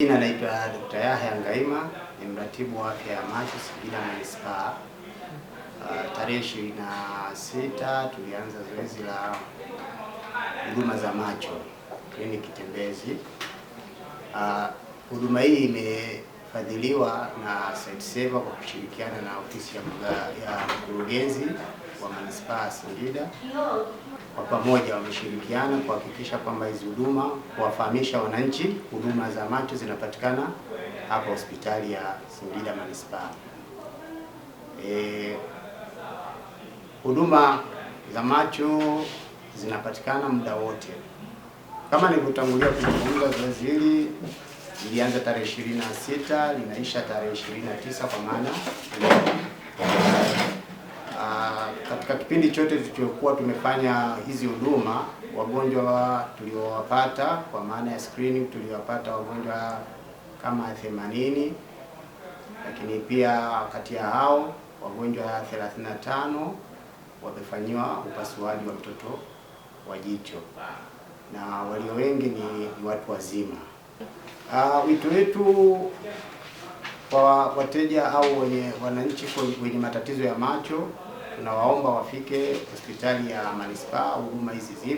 Jina naitwa Dr. Yahya Ngaima ni mratibu wa afya ya macho Singida Manispaa. Uh, tarehe ishirini na sita tulianza zoezi la huduma za macho kliniki tembezi. Ah, huduma uh, hii imefadhiliwa na SightSaver kwa kushirikiana na ofisi ya mkurugenzi wa manispaa Singida kwa pamoja wameshirikiana kuhakikisha kwamba hizi huduma, kuwafahamisha wananchi huduma za macho zinapatikana hapa hospitali ya Singida manispaa. E, huduma za macho zinapatikana muda wote. Kama nilivyotangulia kuzungumza, zoezi hili ilianza tarehe 26 linaisha tarehe 29 kwa maana katika kipindi chote tulichokuwa tumefanya hizi huduma, wagonjwa tuliowapata kwa maana ya screening, tuliwapata wagonjwa kama 80, lakini pia kati ya hao wagonjwa 35 wamefanyiwa upasuaji wa mtoto wa jicho na walio wengi ni watu wazima. Uh, wito wetu kwa wateja au wenye wananchi wenye matatizo ya macho tunawaomba wafike hospitali ya manispaa, huduma hizi zipo.